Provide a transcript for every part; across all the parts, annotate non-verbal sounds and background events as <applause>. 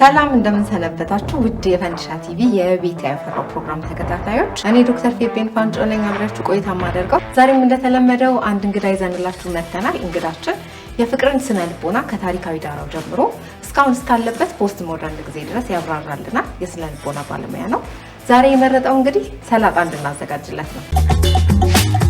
ሰላም እንደምንሰነበታችሁ ውድ የፈንዲሻ ቲቪ የቤት ያፈራው ፕሮግራም ተከታታዮች፣ እኔ ዶክተር ፌቤን ፋንጮ ነኝ። አብራችሁ ቆይታ ማደርገው ዛሬም እንደተለመደው አንድ እንግዳ ይዘንላችሁ መጥተናል። እንግዳችን የፍቅርን ስነ ልቦና ከታሪካዊ ዳራው ጀምሮ እስካሁን እስካለበት ፖስት ሞደርን ጊዜ ድረስ ያብራራልናል። የስነ ልቦና ባለሙያ ነው። ዛሬ የመረጠው እንግዲህ ሰላጣ እንድናዘጋጅለት ነው።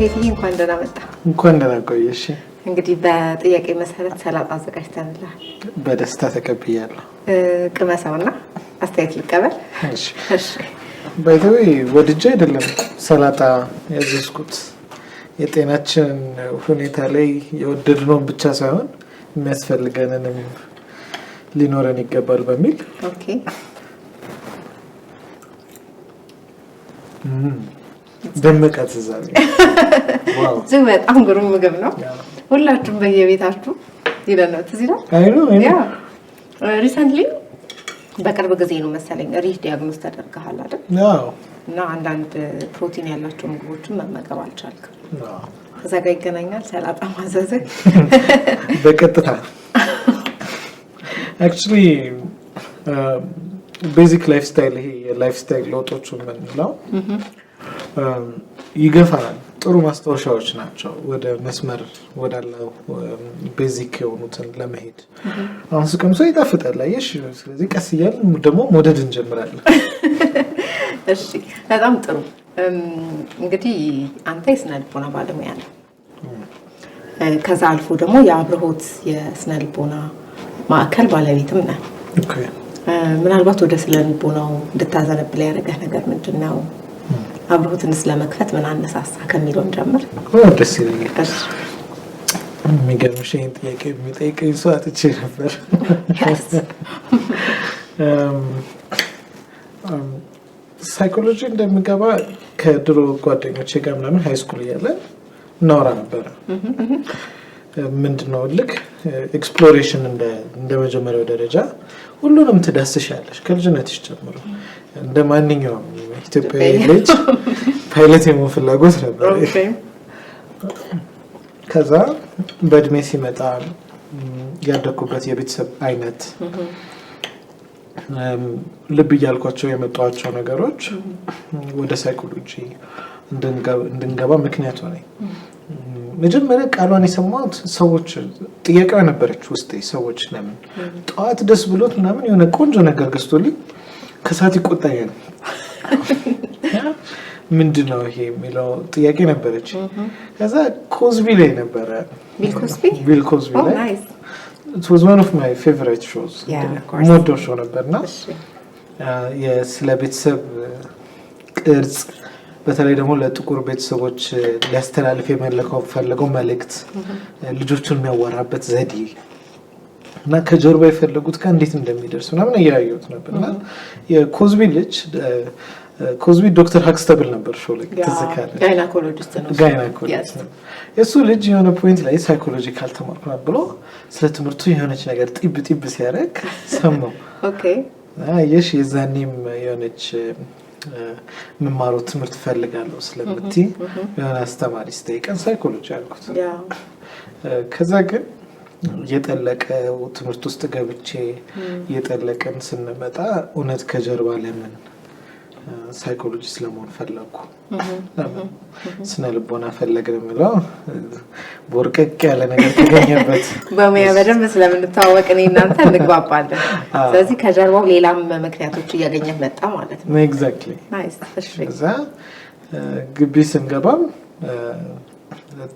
ሴትዬ እንኳን ደህና መጣ። እንኳን ደህና ቆየሽ። እንግዲህ በጥያቄ መሰረት ሰላጣ አዘጋጅተንላ በደስታ ተቀብያለሁ። ቅመሰውና አስተያየት ልቀበል። ባይተወይ ወድጃ አይደለም ሰላጣ ያዘዝኩት። የጤናችን ሁኔታ ላይ የወደድነውን ብቻ ሳይሆን የሚያስፈልገንንም ሊኖረን ይገባል በሚል ደመቀ ትእዛዝ እጅግ በጣም ግሩም ምግብ ነው። ሁላችሁም በየቤታችሁ ይለን ነው ትዝ ይላል። ሪሰንትሊ በቅርብ ጊዜ ነው መሰለኝ ሪህ ዲያግኖስ ተደርገሃል አይደል? እና አንዳንድ ፕሮቲን ያላቸው ምግቦችን መመገብ አልቻልክም። ከዛ ጋር ይገናኛል ሰላጣ ማዘዘ በቀጥታ አክቹሊ ቤዚክ ላይፍ ስታይል ይሄ የላይፍ ስታይል ለውጦቹ የምንለው ይገፋል። ጥሩ ማስታወሻዎች ናቸው። ወደ መስመር ወዳለው ቤዚክ የሆኑትን ለመሄድ አሁን ስቀምሶ ይጣፍጣል። አየሽ፣ ስለዚህ ቀስ እያልን ደግሞ መውደድ እንጀምራለን። <laughs> እሺ፣ በጣም ጥሩ። እንግዲህ አንተ የስነ ልቦና ባለሙያ ነው። ከዛ አልፎ ደግሞ የአብርሆት የስነ ልቦና ማዕከል ባለቤትም ነህ። ምናልባት ወደ ስነ ልቦናው እንድታዘነብል ያደረገህ ነገር ምንድን ነው? አብርሆትን ስለመክፈት ምን አነሳሳ ከሚለውን ጀምር። ደስ ይለኛል። የሚገርምሽ ይህን ጥያቄ የሚጠይቀኝ ሰው አጥቼ ነበር። ሳይኮሎጂ እንደሚገባ ከድሮ ጓደኞቼ ጋር ምናምን ሃይስኩል እያለን እናወራ ነበረ። ምንድነው ልክ ኤክስፕሎሬሽን እንደ መጀመሪያው ደረጃ ሁሉንም ትዳስሽ ያለሽ ከልጅነትሽ ጀምሮ እንደ ማንኛውም ኢትዮጵያዊ ልጅ ፓይለት የመሆን ፍላጎት ነበር። ከዛ በእድሜ ሲመጣ ያደግኩበት የቤተሰብ አይነት ልብ እያልኳቸው የመጧቸው ነገሮች ወደ ሳይኮሎጂ እንድንገባ ምክንያቱ ነኝ። መጀመሪያ ቃሏን የሰማሁት ሰዎች ጥያቄ ነበረች ውስጤ። ሰዎች ለምን ጠዋት ደስ ብሎት ምናምን የሆነ ቆንጆ ነገር ገዝቶልኝ ከሰዓት ይቆጣኛል <laughs> ምንድን ነው ይሄ የሚለው ጥያቄ ነበረች። ከዛ ኮዝቢ ላይ ነበረ ቢል ኮዝቢ ላይ ዋን ኦፍ ማይ ፌቨራይት ሾዝ ሾው ነበር ስለ ቤተሰብ ቅርጽ በተለይ ደግሞ ለጥቁር ቤተሰቦች ሊያስተላልፍ የመለከው ፈለገው መልእክት ልጆቹን የሚያወራበት ዘዴ እና ከጀርባ የፈለጉት ጋር እንዴት እንደሚደርስ ምናምን እያያዩት ነበር እና የኮዝቢ ልጅ ኮዝቢ ዶክተር ተብል ነበር ሾው ላይ ልጅ የሆነ ፖይንት ላይ ሳይኮሎጂካል ተማርኩ ነው ብሎ ስለ ትምህርቱ የሆነች ነገር ጢብ ጢብ ሲያደርግ ሰማው። የሽ የዛኔም የሆነች የምማረው ትምህርት ፈልጋለሁ ስለምትይ የሆነ አስተማሪ ስጠይቀን ሳይኮሎጂ አልኩት። ከዛ ግን የጠለቀ ትምህርት ውስጥ ገብቼ የጠለቀን ስንመጣ እውነት ከጀርባ ለምን ሳይኮሎጂስት ለመሆን ፈለግኩ። ለምን ስነ ልቦና ፈለግን የምለው ቦርቀቅ ያለ ነገር ተገኘበት። <laughs> በሙያ በደንብ ስለምንተዋወቅ እኔ እናንተ እንግባባለን። <laughs> ስለዚህ ከጀርባው ሌላም ምክንያቶች እያገኘ መጣ ማለት ነው። ኤግዛክትሊ። እዛ ግቢ ስንገባም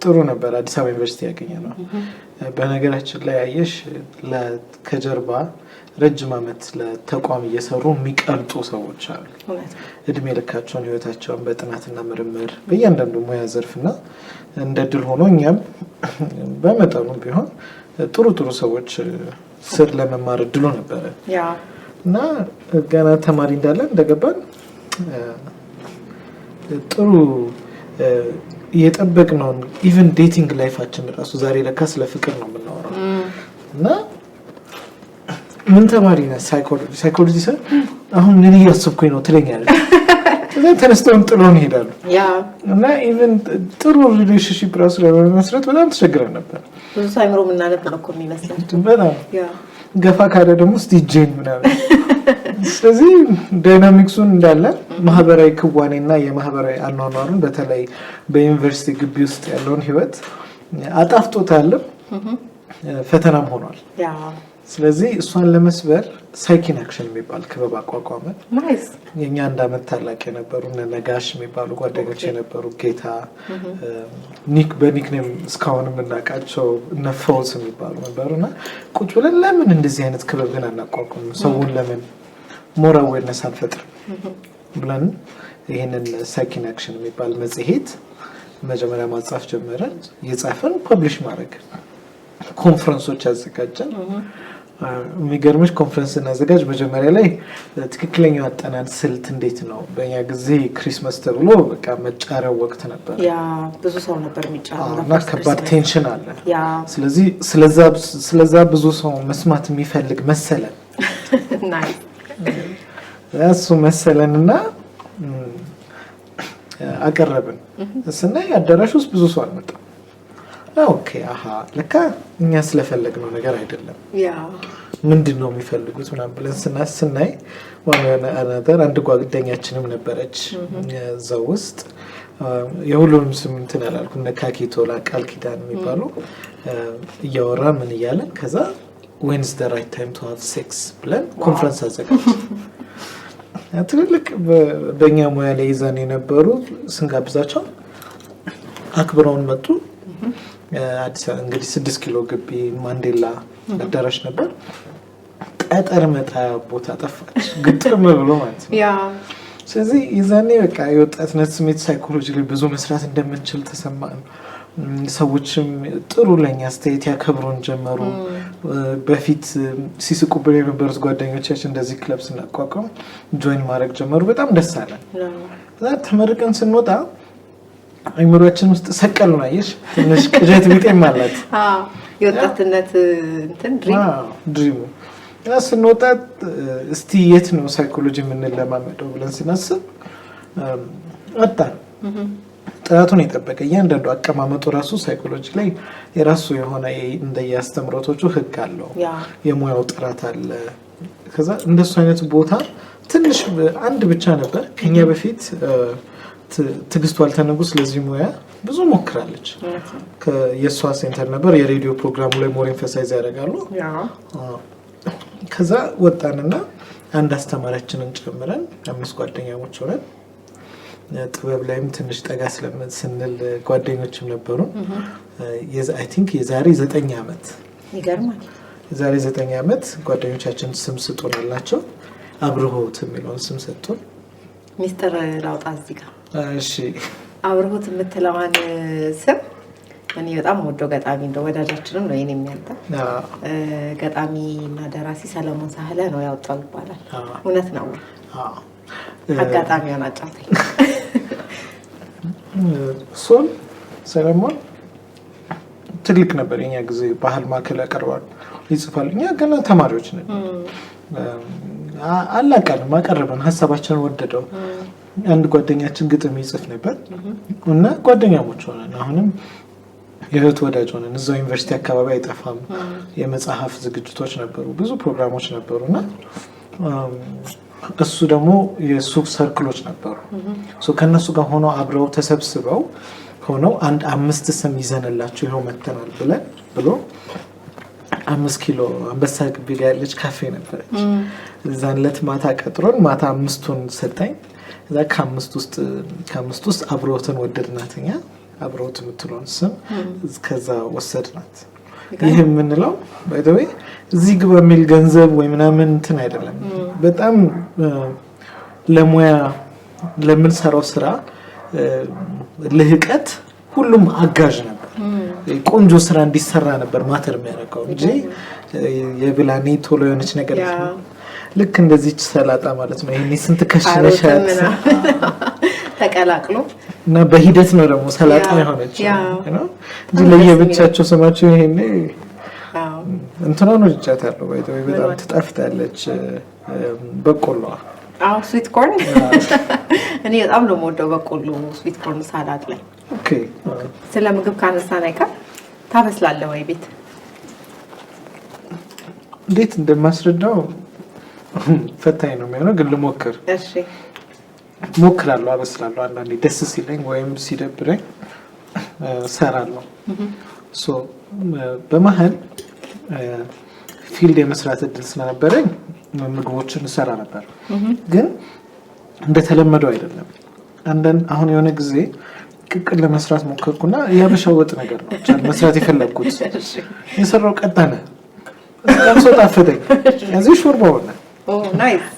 ጥሩ ነበር። አዲስ አበባ ዩኒቨርሲቲ ያገኘ ነው። በነገራችን ላይ አየሽ ከጀርባ ረጅም ዓመት ለተቋም እየሰሩ የሚቀልጡ ሰዎች አሉ። እድሜ ልካቸውን ህይወታቸውን በጥናትና ምርምር በእያንዳንዱ ሙያ ዘርፍና እንደ ድል ሆኖ እኛም በመጠኑ ቢሆን ጥሩ ጥሩ ሰዎች ስር ለመማር እድሉ ነበረ እና ገና ተማሪ እንዳለን እንደገባን ጥሩ የጠበቅነውን ኢቨን ዴቲንግ ላይፋችን ራሱ ዛሬ ለካ ስለ ፍቅር ነው የምናወራው እና ምን ተማሪ ነ ሳይኮሎጂ ሰ አሁን ምን እያስብኩኝ ነው ትለኛለ ከዛ ተነስተውን ጥሎን ይሄዳሉ እና ኢቨን ጥሩ ሪሌሽንሽፕ ራሱ ለመመስረት በጣም ተቸግረን ነበር። ብዙ ሳይምሮ ምናነብ ነው እኮ በጣም ገፋ ካለ ደግሞ ስቲጄን ምናምን። ስለዚህ ዳይናሚክሱን እንዳለ ማህበራዊ ክዋኔ እና የማህበራዊ አኗኗሩን በተለይ በዩኒቨርሲቲ ግቢ ውስጥ ያለውን ህይወት አጣፍጦታልም ፈተናም ሆኗል። ስለዚህ እሷን ለመስበር ሳይኪን አክሽን የሚባል ክበብ አቋቋመ። የእኛ አንድ አመት ታላቅ የነበሩ ነጋሽ የሚባሉ ጓደኞች የነበሩ ጌታ ኒክ በኒክኔም እስካሁን የምናውቃቸው ነፈውስ የሚባሉ ነበሩ እና ቁጭ ብለን ለምን እንደዚህ አይነት ክበብ ግን አናቋቁም፣ ሰውን ለምን ሞር አዌርነስ አንፈጥርም ብለን ይህንን ሳይኪን አክሽን የሚባል መጽሄት መጀመሪያ ማጻፍ ጀመረን። የጻፈን ፐብሊሽ ማድረግ ኮንፈረንሶች ያዘጋጀን የሚገርምሽ ኮንፈረንስ ስናዘጋጅ መጀመሪያ ላይ ትክክለኛው አጠናን ስልት እንዴት ነው? በእኛ ጊዜ ክሪስመስ ተብሎ በቃ መጫረው ወቅት ነበር፣ ብዙ ሰው ነበር እና ከባድ ቴንሽን አለ። ስለዚህ ስለዛ ብዙ ሰው መስማት የሚፈልግ መሰለን <laughs> እሱ መሰለን እና አቀረብን ስናይ አዳራሽ ውስጥ ብዙ ሰው አልመጣም። ኦኬ አሀ ለካ እኛ ስለፈለግነው ነገር አይደለም። ምንድን ነው የሚፈልጉት ምናምን ብለን ስናይ ነገር አንድ ጓደኛችንም ነበረች እዛው ውስጥ የሁሉንም ስም እንትን አላልኩም። እነ ካኪቶላ ቃል ኪዳን የሚባሉ እያወራ ምን እያለን ከዛ ዌንስ ደ ራይት ታይም ቱ ሃቭ ሴክስ ብለን ኮንፈረንስ አዘጋጅ ትልልቅ በእኛ ሙያ ላይ ይዘን የነበሩ ስንጋብዛቸው አክብረውን መጡ። እንግዲህ ስድስት ኪሎ ግቢ ማንዴላ አዳራሽ ነበር። ጠጠር መጣያ ቦታ ጠፋች፣ ግጥም ብሎ ማለት ነው። ስለዚህ የዛኔ በቃ የወጣትነት ስሜት ሳይኮሎጂ ላይ ብዙ መስራት እንደምንችል ተሰማን። ሰዎችም ጥሩ ለኛ አስተያየት ያከብሩን ጀመሩ። በፊት ሲስቁብን የነበሩት ጓደኞቻችን እንደዚህ ክለብ ስናቋቋም ጆይን ማድረግ ጀመሩ። በጣም ደስ አለን። ተመርቀን ስንወጣ አይምሮችን ውስጥ ሰቀል ነው። አየሽ ትንሽ ቅዠት ቢጤም አላት የወጣትነት ድሪሙ ስንወጣ እስቲ የት ነው ሳይኮሎጂ የምንለማመደው ብለን ስናስብ ወጣን ጥራቱን የጠበቀ እያንዳንዱ አቀማመጡ ራሱ ሳይኮሎጂ ላይ የራሱ የሆነ እንደየአስተምሮቶቹ ህግ አለው። የሙያው ጥራት አለ። ከዛ እንደሱ አይነት ቦታ ትንሽ አንድ ብቻ ነበር ከኛ በፊት ትዕግስቱ አልተነጉ ስለዚህ ሙያ ብዙ ሞክራለች። የእሷ ሴንተር ነበር። የሬዲዮ ፕሮግራሙ ላይ ሞር ኤንፈሳይዝ ያደርጋሉ። ከዛ ወጣንና አንድ አስተማሪያችንን ጨምረን አምስት ጓደኛሞች ሆነን ጥበብ ላይም ትንሽ ጠጋ ስንል ጓደኞችም ነበሩ። ቲንክ የዛሬ ዘጠኝ ዓመት የዛሬ ዘጠኝ ዓመት ጓደኞቻችን ስም ስጡን አልናቸው። አብርሆት የሚለውን ስም ሰጡን። ሚስጥር ላውጣ እዚህ ጋር አብርሁት የምትለዋን ስም እኔ በጣም ወዶ ገጣሚ እንደ ወዳጃችንም ነው ይህን የሚያንተ ገጣሚ እና ደራሲ ሰለሞን ሳህለ ነው ያወጣው ይባላል። እውነት ነው? ሆን አጫውተኝ። እሱን ሰለሞን ትልቅ ነበር የኛ ጊዜ ባህል ማዕከል ያቀርባል ይጽፋል። እኛ ገና ተማሪዎች ነን። አላቀንም አቀረበን፣ ሀሳባችንን ወደደው አንድ ጓደኛችን ግጥም ይጽፍ ነበር እና ጓደኛሞች ሆነን አሁንም የህይወት ወዳጅ ሆነን እዛው ዩኒቨርሲቲ አካባቢ አይጠፋም የመጽሐፍ ዝግጅቶች ነበሩ፣ ብዙ ፕሮግራሞች ነበሩ እና እሱ ደግሞ የእሱ ሰርክሎች ነበሩ። ከእነሱ ጋር ሆኖ አብረው ተሰብስበው ሆነው አንድ አምስት ስም ይዘንላቸው ይኸው መተናል ብለን ብሎ አምስት ኪሎ አንበሳ ግቢ ጋር ያለች ካፌ ነበረች። እዛን ለት ማታ ቀጥሮን ማታ አምስቱን ሰጠኝ። እዛ ከአምስት ውስጥ አብረውትን ወደድናት እኛ አብረውት የምትለውን ስም ከዛ ወሰድናት። ይህ የምንለው ባይደዌ እዚህ ግባ የሚል ገንዘብ ወይ ምናምን እንትን አይደለም። በጣም ለሙያ ለምንሰራው ስራ ልህቀት ሁሉም አጋዥ ነበር። ቆንጆ ስራ እንዲሰራ ነበር ማተር የሚያደርገው እንጂ የብላኔ ቶሎ የሆነች ነገር ልክ እንደዚች ሰላጣ ማለት ነው። ይሄ ስንት ከሽነሻት <laughs> ተቀላቅሎ እና በሂደት ነው ደግሞ ሰላጣ የሆነች እንጂ ለየብቻቸው ስማቸው ይሄ ያለው ወድጃታለሁ። ባይተወይ በጣም ትጣፍጣለች። በቆሎ አዎ፣ ስዊት ኮርን <laughs> እኔ በጣም ነው የምወደው በቆሎ ስዊት ኮርን ሳላድ ላይ። ኦኬ፣ ስለ ምግብ ካነሳ ናይካ ታበስላለህ ወይ ቤት እንዴት እንደማስረዳው ፈታኝ ነው የሚሆነው፣ ግን ልሞክር ሞክራለሁ፣ አበስላለሁ። አንዳንዴ ደስ ሲለኝ ወይም ሲደብረኝ ሰራለሁ። በመሀል ፊልድ የመስራት እድል ስለነበረኝ ምግቦችን እሰራ ነበር፣ ግን እንደተለመደው አይደለም። አንዳንድ አሁን የሆነ ጊዜ ቅቅል ለመስራት ሞከርኩና የሀበሻ ወጥ ነገር ነው መስራት የፈለግኩት የሰራው ቀጠነ፣ ጣም ሰው ጣፈጠኝ፣ እዚህ ሾርባ ሆነ።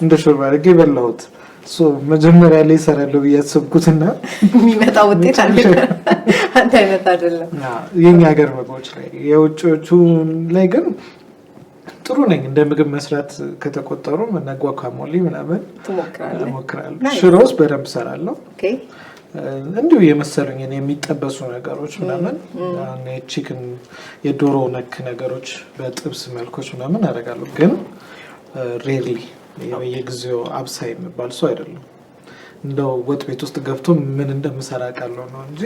እንደ ሾርባ አድርጌ የበላሁት መጀመሪያ ላይ ይሰራለሁ ብዬ ያሰብኩትና የሚመጣ ውጤት አንድ አይነት አይደለም። የኛ ሀገር ምግቦች ላይ የውጭዎቹ ላይ ግን ጥሩ ነኝ። እንደ ምግብ መስራት ከተቆጠሩ ጓካሞሌ ምናምን እሞክራለሁ። ሽሮ ውስጥ በደንብ እሰራለሁ። እንዲሁ የመሰሉኝ የሚጠበሱ ነገሮች ምናምን ቺክን የዶሮ ነክ ነገሮች በጥብስ መልኮች ምናምን አደርጋለሁ ግን ሬርሊ የጊዜው አብሳይ የሚባል ሰው አይደለም። እንደው ወጥ ቤት ውስጥ ገብቶ ምን እንደምሰራ ቃለው ነው እንጂ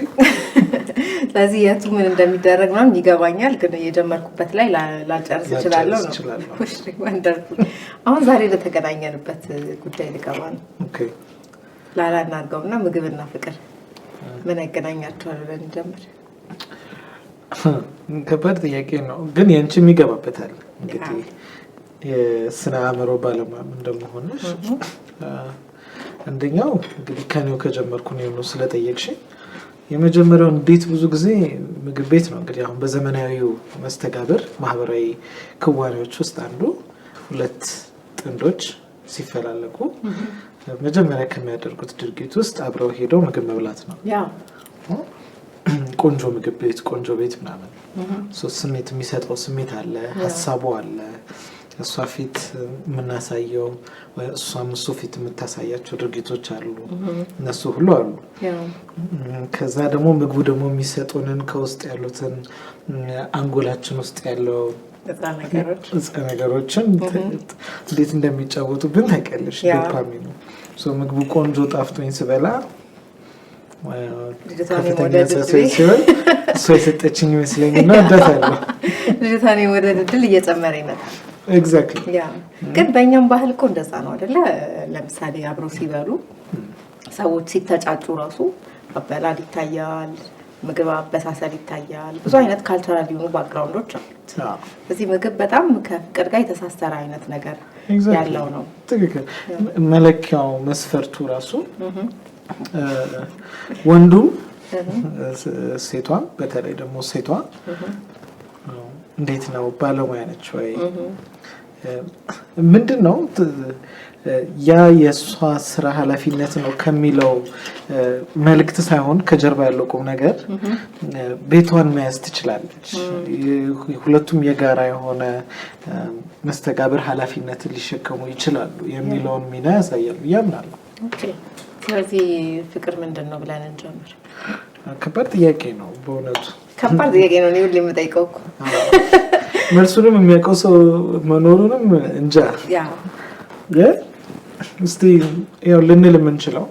<laughs> ስለዚህ የቱ ምን እንደሚደረግ ነው ይገባኛል፣ ግን የጀመርኩበት ላይ ላልጨርስ እችላለሁ ነው። <laughs> አሁን ዛሬ ለተገናኘንበት ጉዳይ ልገባ ነው። ላላ እናድርገው እና ምግብና ፍቅር ምን ያገናኛቸዋል ብለን እንጀምር። ከባድ ጥያቄ ነው፣ ግን የአንቺም ይገባበታል እንግዲህ የስነ አእምሮ ባለሙያም እንደመሆንሽ አንደኛው እንግዲህ ከኔው ከጀመርኩ ነው ነው ስለጠየቅሽኝ የመጀመሪያው እንዴት ብዙ ጊዜ ምግብ ቤት ነው እንግዲህ አሁን በዘመናዊው መስተጋብር ማህበራዊ ክዋኔዎች ውስጥ አንዱ ሁለት ጥንዶች ሲፈላለጉ መጀመሪያ ከሚያደርጉት ድርጊት ውስጥ አብረው ሄደው ምግብ መብላት ነው። ቆንጆ ምግብ ቤት፣ ቆንጆ ቤት ምናምን ስሜት የሚሰጠው ስሜት አለ፣ ሀሳቡ አለ እሷ ፊት የምናሳየው እሷም እሱ ፊት የምታሳያቸው ድርጊቶች አሉ፣ እነሱ ሁሉ አሉ። ከዛ ደግሞ ምግቡ ደግሞ የሚሰጡንን ከውስጥ ያሉትን አንጎላችን ውስጥ ያለው እፀ ነገሮችን እንዴት እንደሚጫወቱ ብን ታውቂያለሽ። ዶፓሚን ነው ምግቡ ቆንጆ ጣፍቶኝ ስበላ ከፍተኛ ሰሰ ሲሆን እሷ የሰጠችኝ ይመስለኝ ና እንደት አለ ልጅታኔ ወደ ድድል እየጨመረ ይመጣል። ግን በእኛም ባህል እኮ እንደዛ ነው አደለ? ለምሳሌ አብረው ሲበሉ ሰዎች ሲተጫጩ ራሱ አበላል ይታያል፣ ምግብ አበሳሰል ይታያል። ብዙ አይነት ካልቸራል የሆኑ ባክግራውንዶች አሉ። እዚህ ምግብ በጣም ከፍቅር ጋር የተሳሰረ አይነት ነገር ያለው ነው። ትክክል። መለኪያው መስፈርቱ ራሱ ወንዱም ሴቷም በተለይ ደግሞ ሴቷ እንዴት ነው ባለሙያ ነች ወይ ምንድን ነው ያ የእሷ ስራ ኃላፊነት ነው ከሚለው መልእክት ሳይሆን ከጀርባ ያለው ቁም ነገር ቤቷን መያዝ ትችላለች። ሁለቱም የጋራ የሆነ መስተጋብር ሀላፊነት ሊሸከሙ ይችላሉ የሚለውን ሚና ያሳያሉ ያምናሉ። ስለዚህ ፍቅር ምንድን ነው ብለን እንጀምር። ከባድ ጥያቄ ነው በእውነቱ። ከባድ ጥያቄ ነው። ሁሌ የምጠይቀው እኮ መልሱንም የሚያውቀው ሰው መኖሩንም እንጃ እስቲ ያው ልንል የምንችለው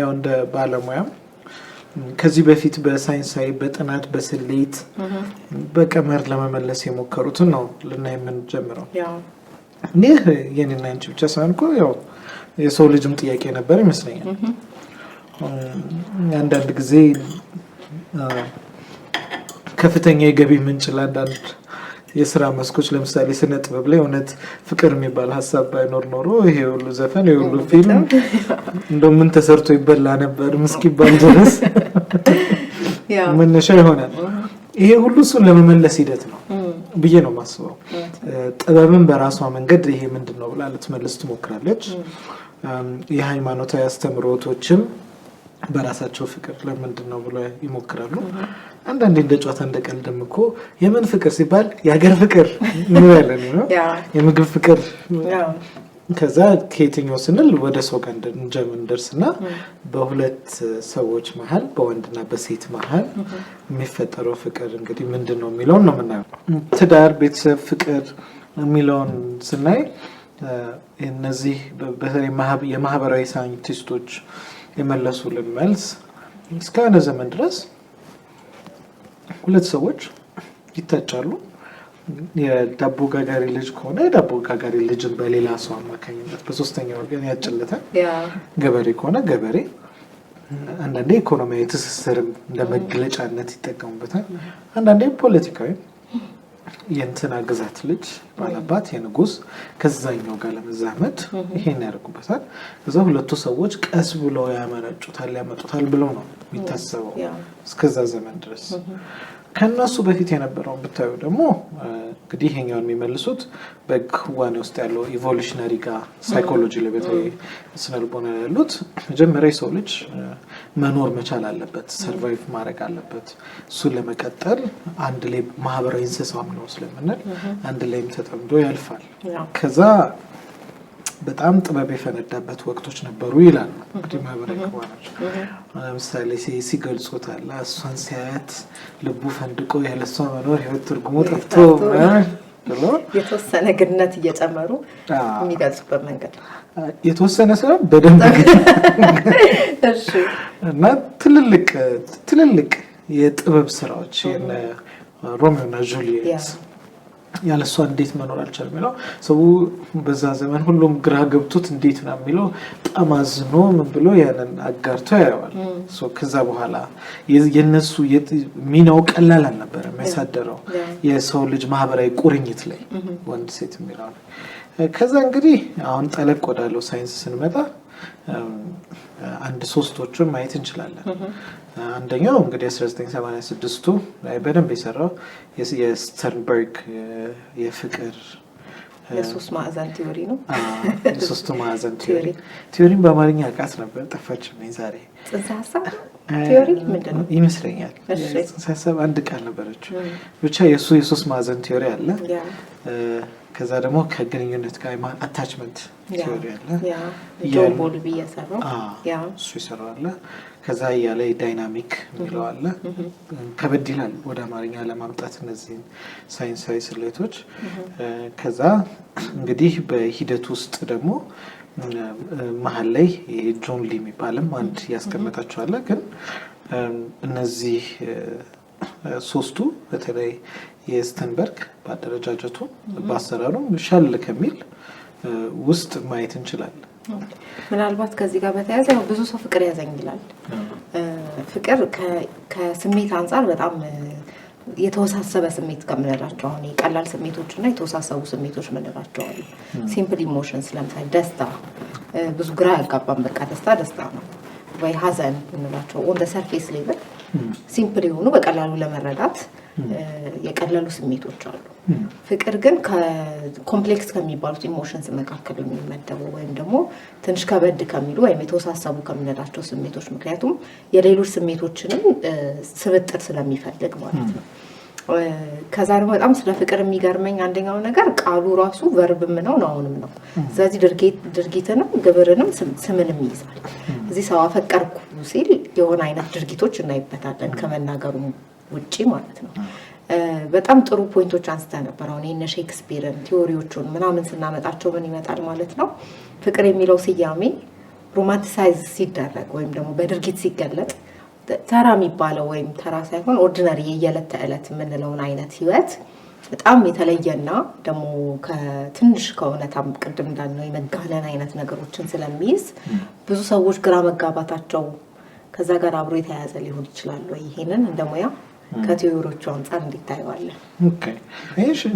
ያው እንደ ባለሙያም ከዚህ በፊት በሳይንሳዊ በጥናት በስሌት በቀመር ለመመለስ የሞከሩትን ነው ልና የምንጀምረው። ይህ የኔና አንቺ ብቻ ሳይሆን እኮ ያው የሰው ልጅም ጥያቄ ነበር ይመስለኛል አንዳንድ ጊዜ ከፍተኛ የገቢ ምንጭ ለአንዳንድ የስራ መስኮች ለምሳሌ ስነ ጥበብ ላይ እውነት ፍቅር የሚባል ሀሳብ ባይኖር ኖሮ ይሄ ሁሉ ዘፈን ይሄ ሁሉ ፊልም እንደ ምን ተሰርቶ ይበላ ነበር እስኪባል ድረስ መነሻ ይሆናል። ይሄ ሁሉ እሱን ለመመለስ ሂደት ነው ብዬ ነው የማስበው። ጥበብን በራሷ መንገድ ይሄ ምንድን ነው ብላ ልትመልስ ትሞክራለች። የሃይማኖታዊ አስተምሮቶችም በራሳቸው ፍቅር ለምንድን ነው ብሎ ይሞክራሉ። አንዳንዴ እንደ ጨዋታ እንደ ቀልድም እኮ የምን ፍቅር ሲባል የሀገር ፍቅር እንላለን፣ የምግብ ፍቅር። ከዛ ከየትኛው ስንል ወደ ሰው ጋር ደርስ እና በሁለት ሰዎች መሀል በወንድና በሴት መሀል የሚፈጠረው ፍቅር እንግዲህ ምንድን ነው የሚለውን ነው የምናየው። ትዳር፣ ቤተሰብ፣ ፍቅር የሚለውን ስናይ እነዚህ በተለይ የማህበራዊ ሳይንቲስቶች የመለሱልን መልስ እስከሆነ ዘመን ድረስ ሁለት ሰዎች ይታጫሉ። የዳቦ ጋጋሪ ልጅ ከሆነ የዳቦ ጋጋሪ ልጅን በሌላ ሰው አማካኝነት በሶስተኛ ወገን ያጭለታል። ገበሬ ከሆነ ገበሬ አንዳንዴ ኢኮኖሚያዊ ትስስርም እንደ መግለጫነት ይጠቀሙበታል። አንዳንዴ ፖለቲካዊም የእንትና ግዛት ልጅ ባላባት የንጉስ ከዛኛው ጋር ለመዛመድ ይሄን ያደርጉበታል። እዛ ሁለቱ ሰዎች ቀስ ብለው ያመነጩታል ያመጡታል ብለው ነው የሚታሰበው እስከዛ ዘመን ድረስ። ከእነሱ በፊት የነበረውን ብታዩ ደግሞ እንግዲህ ይሄኛው የሚመልሱት በክዋኔ ውስጥ ያለው ኢቮሉሽነሪ ጋር ሳይኮሎጂ ላይ በተለይ ስነልቦና ያሉት መጀመሪያ የሰው ልጅ መኖር መቻል አለበት፣ ሰርቫይቭ ማድረግ አለበት። እሱን ለመቀጠል አንድ ላይ ማህበራዊ እንስሳም ነው ስለምንል አንድ ላይም ተጠምዶ ያልፋል። ከዛ በጣም ጥበብ የፈነዳበት ወቅቶች ነበሩ ይላል። እንግዲህ ማህበራዊ ክዋናቸው ለምሳሌ ሲገልጹታል። እሷን ሲያያት ልቡ ፈንድቆ ያለ መኖር ህይወት ትርጉሙ ጠፍቶ የተወሰነ ግነት እየጨመሩ የሚገልጹበት መንገድ የተወሰነ ሳይሆን በደንብ እና ትልልቅ ትልልቅ የጥበብ ስራዎች ሮሚዮና ጁሊየት ያለሷ እንዴት መኖር አልቻል የሚለው ሰው በዛ ዘመን ሁሉም ግራ ገብቶት እንዴት ነው የሚለው ጠማዝኖ ምን ብሎ ያንን አጋርቶ ያየዋል። ከዛ በኋላ የነሱ ሚናው ቀላል አልነበረ የሚያሳደረው የሰው ልጅ ማህበራዊ ቁርኝት ላይ ወንድ ሴት የሚለው ከዛ እንግዲህ አሁን ጠለቅ ወዳለው ሳይንስ ስንመጣ አንድ ሶስቶቹን ማየት እንችላለን። አንደኛው እንግዲህ 1986ቱ ላይ በደንብ የሰራው የስተርንበርግ የፍቅር የሶስት ማዕዘን ቲዮሪ ነው። <laughs> ቲዮሪ ቲዮሪን በአማርኛ እቃት ነበር ጠፋችብኝ ዛሬ። ጽንሰ ሀሳብ ቲዮሪ ምንድን ነው ይመስለኛል። ጽንሰ ሀሳብ አንድ ቃል ነበረችው ብቻ የእሱ የሶስት ማዕዘን ቲዮሪ አለ። ከዛ ደግሞ ከግንኙነት ጋር አታችመንት ቲዮሪ አለ። ጆን ቦልቢ እሱ ይሰራዋለ ከዛ እያለ ዳይናሚክ የሚለው አለ። ከበድ ይላል ወደ አማርኛ ለማምጣት እነዚህን ሳይንሳዊ ስሌቶች። ከዛ እንግዲህ በሂደት ውስጥ ደግሞ መሀል ላይ ጆን ሊ የሚባልም አንድ ያስቀመጣቸዋለ ግን እነዚህ ሶስቱ በተለይ የስተንበርግ በአደረጃጀቱ በአሰራሩ ሻል ከሚል ውስጥ ማየት እንችላለን። ምናልባት ከዚህ ጋር በተያያዘ ያው ብዙ ሰው ፍቅር ያዘኝ ይላል። ፍቅር ከስሜት አንጻር በጣም የተወሳሰበ ስሜት ከምንላቸው አሁን የቀላል ስሜቶች እና የተወሳሰቡ ስሜቶች ምንላቸው አሉ። ሲምፕል ኢሞሽንስ ለምሳሌ ደስታ ብዙ ግራ ያጋባን። በቃ ደስታ ደስታ ነው ወይ ሀዘን የምንላቸው ኦን ሰርፌስ ሌቭል ሲምፕል የሆኑ በቀላሉ ለመረዳት hmm. የቀለሉ ስሜቶች አሉ። hmm. ፍቅር ግን ኮምፕሌክስ ከሚባሉት ኢሞሽንስ መካከል የሚመደቡ ወይም ደግሞ ትንሽ ከበድ ከሚሉ ወይም የተወሳሰቡ ከምንላቸው ስሜቶች ምክንያቱም የሌሎች ስሜቶችንም ስብጥር ስለሚፈልግ ማለት ነው። ከዛ ደግሞ በጣም ስለ ፍቅር የሚገርመኝ አንደኛው ነገር ቃሉ ራሱ ቨርብም ነው ናውንም ነው። ስለዚህ ድርጊትንም ግብርንም ስምንም ይይዛል። እዚህ ሰው አፈቀርኩ ሲል የሆነ አይነት ድርጊቶች እናይበታለን ከመናገሩ ውጪ ማለት ነው። በጣም ጥሩ ፖይንቶች አንስተ ነበር። አሁን የነ ሼክስፒርን ቲዎሪዎቹን ምናምን ስናመጣቸው ምን ይመጣል ማለት ነው ፍቅር የሚለው ስያሜ ሮማንቲሳይዝ ሲደረግ ወይም ደግሞ በድርጊት ሲገለጥ ተራ የሚባለው ወይም ተራ ሳይሆን ኦርዲነሪ የየዕለት ተዕለት የምንለውን አይነት ህይወት በጣም የተለየና ደግሞ ከትንሽ ከእውነታም ቅድም እንዳልነው የመጋለን አይነት ነገሮችን ስለሚይዝ ብዙ ሰዎች ግራ መጋባታቸው ከዛ ጋር አብሮ የተያያዘ ሊሆን ይችላሉ። ወይ? ይሄንን እንደ ሙያ ከቴዎሪዎቹ አንጻር እንዲታየዋለን።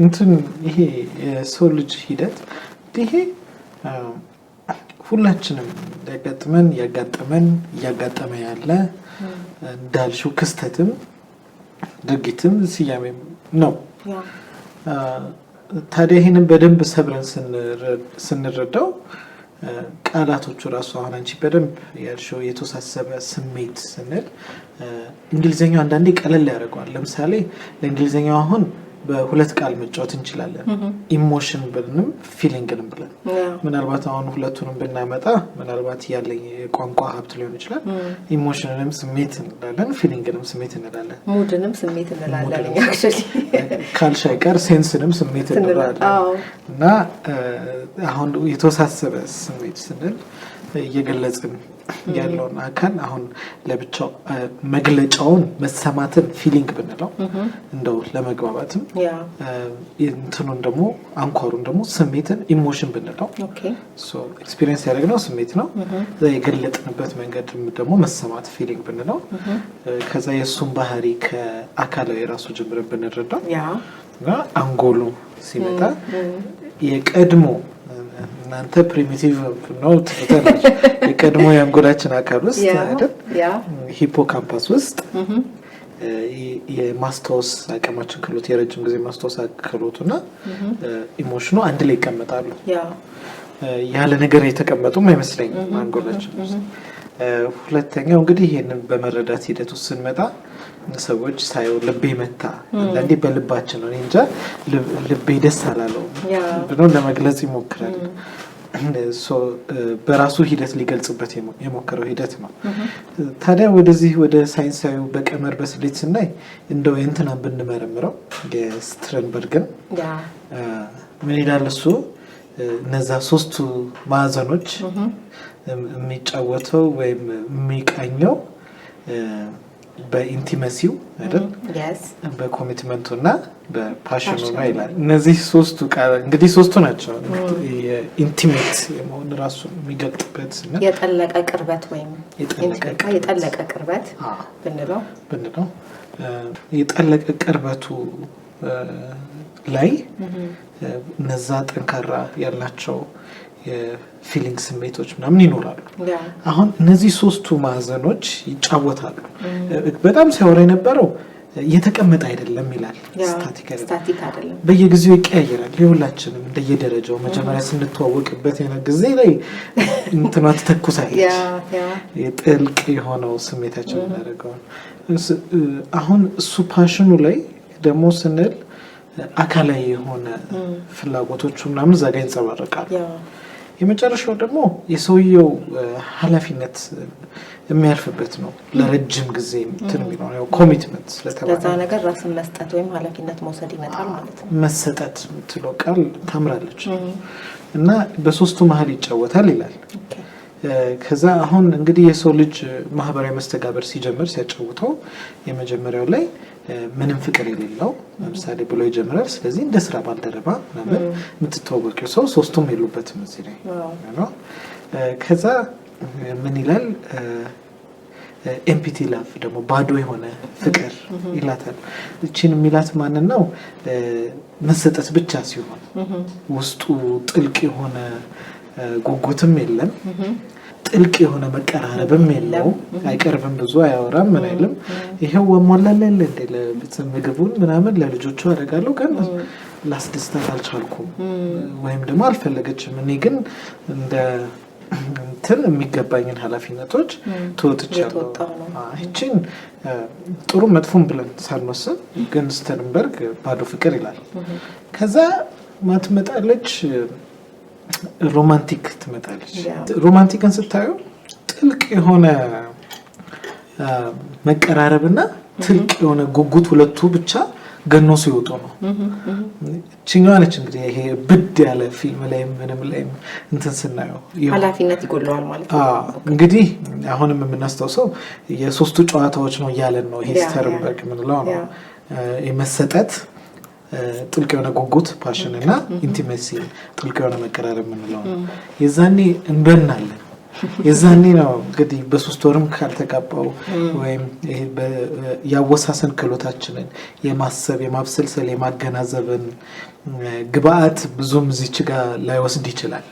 እንትን ይሄ የሰው ልጅ ሂደት ይሄ ሁላችንም ሊያጋጥመን እያጋጠመን እያጋጠመ ያለ እንዳልሽው ክስተትም ድርጊትም ስያሜ ነው። ታዲያ ይህንን በደንብ ሰብረን ስንረዳው ቃላቶቹ ራሱ አሁን አንቺ በደንብ ያልሽው የተወሳሰበ ስሜት ስንል እንግሊዝኛው አንዳንዴ ቀለል ያደርገዋል። ለምሳሌ ለእንግሊዝኛው አሁን በሁለት ቃል መጫወት እንችላለን። ኢሞሽን ብልንም ፊሊንግንም ብለን ምናልባት አሁን ሁለቱንም ብናመጣ ምናልባት ያለኝ የቋንቋ ሀብት ሊሆን ይችላል። ኢሞሽንንም ስሜት እንላለን፣ ፊሊንግንም ስሜት እንላለን፣ ሙድንም ስሜት እንላለን። ካልሽ ቀር ሴንስንም ስሜት እንላለን እና አሁን የተወሳሰበ ስሜት ስንል እየገለጽን <coughs> ያለውን አካል አሁን ለብቻው መግለጫውን መሰማትን ፊሊንግ ብንለው እንደው ለመግባባትም እንትኑን ደግሞ አንኳሩን ደግሞ ስሜትን ኢሞሽን ብንለው ኤክስፒሪየንስ ያደረግነው ስሜት ነው። የገለጥንበት መንገድ ደግሞ መሰማት ፊሊንግ ብንለው ከዛ የእሱን ባህሪ ከአካላዊ የራሱ ጀምረን ብንረዳው እና አንጎሉ ሲመጣ የቀድሞ እናንተ ፕሪሚቲቭ ነው የቀድሞ የአንጎላችን አካል ውስጥ አይደል ሂፖካምፓስ ውስጥ የማስታወስ አቅማችን ክሎት የረጅም ጊዜ ማስታወስ ክሎቱ ና ኢሞሽኑ አንድ ላይ ይቀመጣሉ። ያለ ነገር የተቀመጡም አይመስለኝም አንጎላችን ሁለተኛው እንግዲህ ይህንን በመረዳት ሂደት ውስጥ ስንመጣ ሰዎች ሳየው ልቤ መታ። አንዳንዴ በልባችን ነው እንጃ ልቤ ደስ አላለው ብሎ ለመግለጽ ይሞክራል። በራሱ ሂደት ሊገልጽበት የሞከረው ሂደት ነው። hm ታዲያ ወደዚህ ወደ ሳይንሳዊ በቀመር በስሌት ስናይ እንደው የእንትናን ብንመረምረው የስትረንበርግን ምን ይላል እሱ እነዛ ሶስቱ ማዕዘኖች የሚጫወተው ወይም የሚቃኘው በኢንቲመሲው አይደል በኮሚትመንቱ እና በፓሽኑ ነው ይላል። እነዚህ ሶስቱ ቃል እንግዲህ ሶስቱ ናቸው የኢንቲሜት የመሆን ራሱ የሚገልጥበት የጠለቀ ቅርበት ወይም የጠለቀ ቅርበት ብንለው ብንለው የጠለቀ ቅርበቱ ላይ እነዛ ጠንካራ ያላቸው የፊሊንግ ስሜቶች ምናምን ይኖራሉ። አሁን እነዚህ ሶስቱ ማዕዘኖች ይጫወታሉ። በጣም ሲያወራ የነበረው የተቀመጠ አይደለም ይላል። ስታቲክ አይደለም፣ በየጊዜው ይቀያየራል። የሁላችንም እንደየደረጃው መጀመሪያ ስንተዋወቅበት የነ ጊዜ ላይ እንትኗ ትተኩሳለች፣ የጥልቅ የሆነው ስሜታችን እናደርገዋል። አሁን እሱ ፓሽኑ ላይ ደግሞ ስንል አካላዊ የሆነ ፍላጎቶቹ ምናምን እዛ ጋ ይንጸባረቃሉ። የመጨረሻው ደግሞ የሰውየው ኃላፊነት የሚያልፍበት ነው። ለረጅም ጊዜ እንትን የሚለው ኮሚትመንት ስለተባለ ነገር ራስን መስጠት ወይም ኃላፊነት መውሰድ ይመጣል ማለት ነው። መሰጠት የምትለው ቃል ታምራለች እና በሶስቱ መሀል ይጫወታል ይላል ከዛ አሁን እንግዲህ የሰው ልጅ ማህበራዊ መስተጋበር ሲጀምር ሲያጫውተው የመጀመሪያው ላይ ምንም ፍቅር የሌለው ለምሳሌ ብሎ ይጀምራል። ስለዚህ እንደ ስራ ባልደረባ ምናምን የምትተዋወቂው ሰው ሶስቱም የሉበትም እዚህ ላይ ከዛ ምን ይላል? ኤምፒቲ ላቭ ደግሞ ባዶ የሆነ ፍቅር ይላታል። እቺን የሚላት ማንን ነው? መሰጠት ብቻ ሲሆን ውስጡ ጥልቅ የሆነ ጉጉትም የለም። ጥልቅ የሆነ መቀራረብም የለው። አይቀርብም፣ ብዙ አያወራም፣ ምን አይልም። ይሄው ወሟላለለ እንደ ምግቡን ምናምን ለልጆቹ አደርጋለሁ፣ ግን ላስደስታት አልቻልኩም፣ ወይም ደግሞ አልፈለገችም። እኔ ግን እንደ እንትን የሚገባኝን ኃላፊነቶች ትወጥቻለሁ። ይችን ጥሩ መጥፎን ብለን ሳንወስን ግን ስተንበርግ ባዶ ፍቅር ይላል። ከዛ ማትመጣለች ሮማንቲክ ትመጣለች። ሮማንቲክን ስታዩ ጥልቅ የሆነ መቀራረብ መቀራረብና ትልቅ የሆነ ጉጉት ሁለቱ ብቻ ገኖ ሲወጡ ነው። ችኛዋ ነች እንግዲህ ይሄ ብድ ያለ ፊልም ላይም ምንም ላይም እንትን ስናየው ሀላፊነት ይጎለዋል ማለት ነው። እንግዲህ አሁንም የምናስታውሰው የሶስቱ ጨዋታዎች ነው እያለን ነው ይሄ ስተርንበርግ የምንለው ነው የመሰጠት ጥልቅ የሆነ ጉጉት ፓሽን እና ኢንቲሜሲ ጥልቅ የሆነ መቀራረብ የምንለው ነው። የዛኔ እንበናለን። የዛኔ ነው እንግዲህ በሶስት ወርም ካልተጋባው ወይም ያወሳሰን ክሎታችንን የማሰብ የማብሰልሰል የማገናዘብን ግብአት ብዙም እዚች ጋር ላይወስድ ይችላል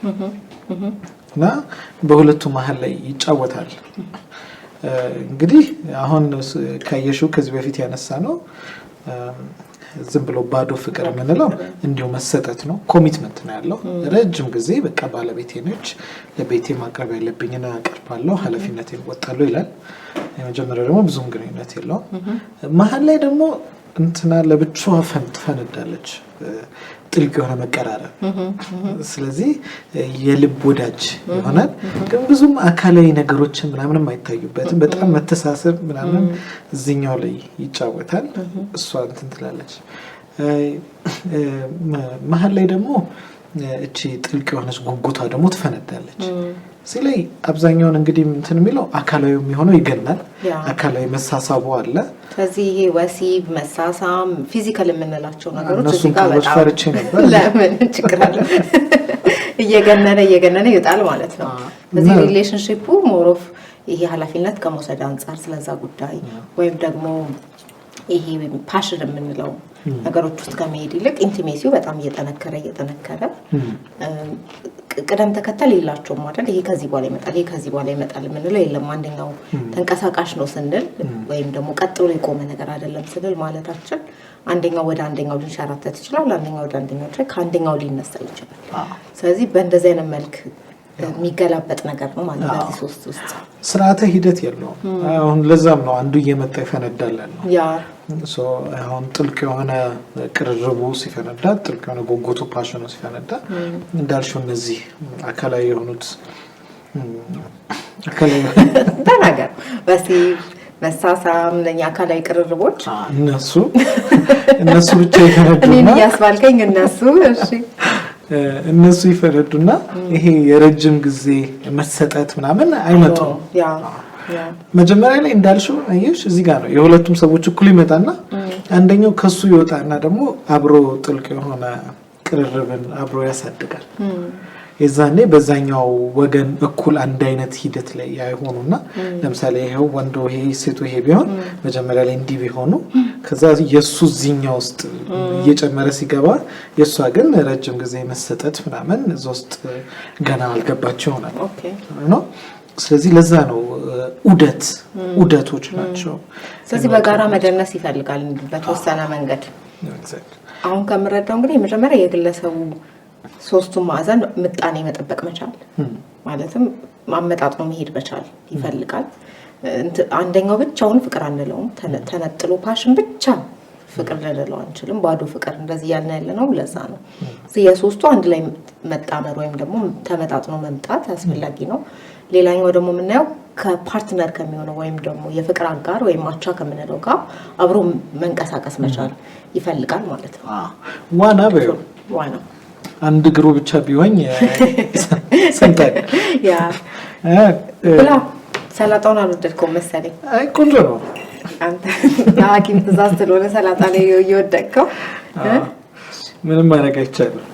እና በሁለቱ መሀል ላይ ይጫወታል። እንግዲህ አሁን ከየሹ ከዚህ በፊት ያነሳ ነው ዝም ብሎ ባዶ ፍቅር የምንለው እንዲሁ መሰጠት ነው። ኮሚትመንት ነው ያለው። ረጅም ጊዜ በቃ ባለቤቴ ነች፣ ለቤቴ ማቅረብ ያለብኝን አቀርባለሁ፣ ሀላፊነት እወጣለሁ ይላል። የመጀመሪያ ደግሞ ብዙም ግንኙነት የለውም። መሀል ላይ ደግሞ እንትና ለብቻዋ ፈንድ ፈነዳለች። ጥልቅ የሆነ መቀራረብ፣ ስለዚህ የልብ ወዳጅ ይሆናል። ግን ብዙም አካላዊ ነገሮችን ምናምንም አይታዩበትም። በጣም መተሳሰብ ምናምን እዚኛው ላይ ይጫወታል። እሷ እንትን ትላለች። መሀል ላይ ደግሞ እቺ ጥልቅ የሆነች ጉጉቷ ደግሞ ትፈነዳለች። እዚህ ላይ አብዛኛውን እንግዲህ እንትን የሚለው አካላዊ የሚሆነው ይገላል። አካላዊ መሳሳቡ አለ። ከዚህ ይሄ ወሲብ፣ መሳሳም፣ ፊዚካል የምንላቸው ነገሮች እዚህ ጋር ፈርቼ ነበር። <laughs> ለምን ችግር አለ? <laughs> እየገነነ እየገነነ ይወጣል ማለት ነው። እዚህ ሪሌሽንሽፑ ሞሮፍ ይሄ ሀላፊነት ከመውሰድ አንጻር ስለዛ ጉዳይ ወይም ደግሞ ይሄ ፓሽን የምንለው ነገሮች ውስጥ ከመሄድ ይልቅ ኢንቲሜሲው በጣም እየጠነከረ እየጠነከረ ቅደም ተከተል የላቸውም አይደል? ይሄ ከዚህ በኋላ ይመጣል፣ ይሄ ከዚህ በኋላ ይመጣል የምንለው የለም። አንደኛው ተንቀሳቃሽ ነው ስንል ወይም ደግሞ ቀጥ ብሎ የቆመ ነገር አይደለም ስንል ማለታችን አንደኛው ወደ አንደኛው ሊንሸራተት ይችላል፣ አንደኛው ወደ አንደኛው ከአንደኛው ሊነሳ ይችላል። ስለዚህ በእንደዚህ አይነት መልክ የሚገላበጥ ነገር ነው ማለት ነው። ሶስት ውስጥ ስርዓተ ሂደት የለውም። አሁን ለዛም ነው አንዱ እየመጣ ይፈነዳለን ነው አሁን ጥልቅ የሆነ ቅርርቡ ሲፈነዳ፣ ጥልቅ የሆነ ጎጎቱ ፓሽኑ ሲፈነዳ እንዳልሽው እነዚህ አካላዊ የሆኑት ተናገር በስ መሳሳም ለእኛ አካላዊ ቅርርቦች እነሱ እነሱ ብቻ ይፈነዱ እኔን እያስባልከኝ እነሱ እሺ እነሱ ይፈረዱና ይሄ የረጅም ጊዜ መሰጠት ምናምን አይመጡም። መጀመሪያ ላይ እንዳልሹ አየሽ፣ እዚህ ጋር ነው የሁለቱም ሰዎች እኩል ይመጣና አንደኛው ከሱ ይወጣና ደግሞ አብሮ ጥልቅ የሆነ ቅርርብን አብሮ ያሳድጋል። የዛኔ በዛኛው ወገን እኩል አንድ አይነት ሂደት ላይ ያይሆኑና ለምሳሌ ይኸው ወንዶ ይሄ ሴቱ ይሄ ቢሆን መጀመሪያ ላይ እንዲህ ቢሆኑ ከዛ የእሱ እዚኛ ውስጥ እየጨመረ ሲገባ የእሷ ግን ረጅም ጊዜ መሰጠት ምናምን እዛ ውስጥ ገና አልገባቸው ይሆናል ነው። ስለዚህ ለዛ ነው ውደት ውደቶች ናቸው። ስለዚህ በጋራ መደነስ ይፈልጋል በተወሰነ መንገድ አሁን ከምረዳው እንግዲህ የመጀመሪያ የግለሰቡ ሶስቱን ማዕዘን ምጣኔ መጠበቅ መቻል ማለትም አመጣጥኖ መሄድ መቻል ይፈልጋል። አንደኛው ብቻውን ፍቅር አንለውም። ተነጥሎ ፓሽን ብቻ ፍቅር ልንለው አንችልም። ባዶ ፍቅር እንደዚህ እያልን ያለ ነው። ለዛ ነው የሶስቱ አንድ ላይ መጣመር ወይም ደግሞ ተመጣጥኖ መምጣት አስፈላጊ ነው። ሌላኛው ደግሞ የምናየው ከፓርትነር ከሚሆነው ወይም ደግሞ የፍቅር አጋር ወይም አቻ ከምንለው ጋር አብሮ መንቀሳቀስ መቻል ይፈልጋል ማለት ነው ዋና አንድ እግሩ ብቻ ቢሆኝ ሰንታል ሰላጣውን አልወደድከውም መሰለኝ። ቆንጆ ነው። ሐኪም ትእዛዝ ስለሆነ ሰላጣ ላይ እየወደድከው ምንም ማድረግ አይቻልም።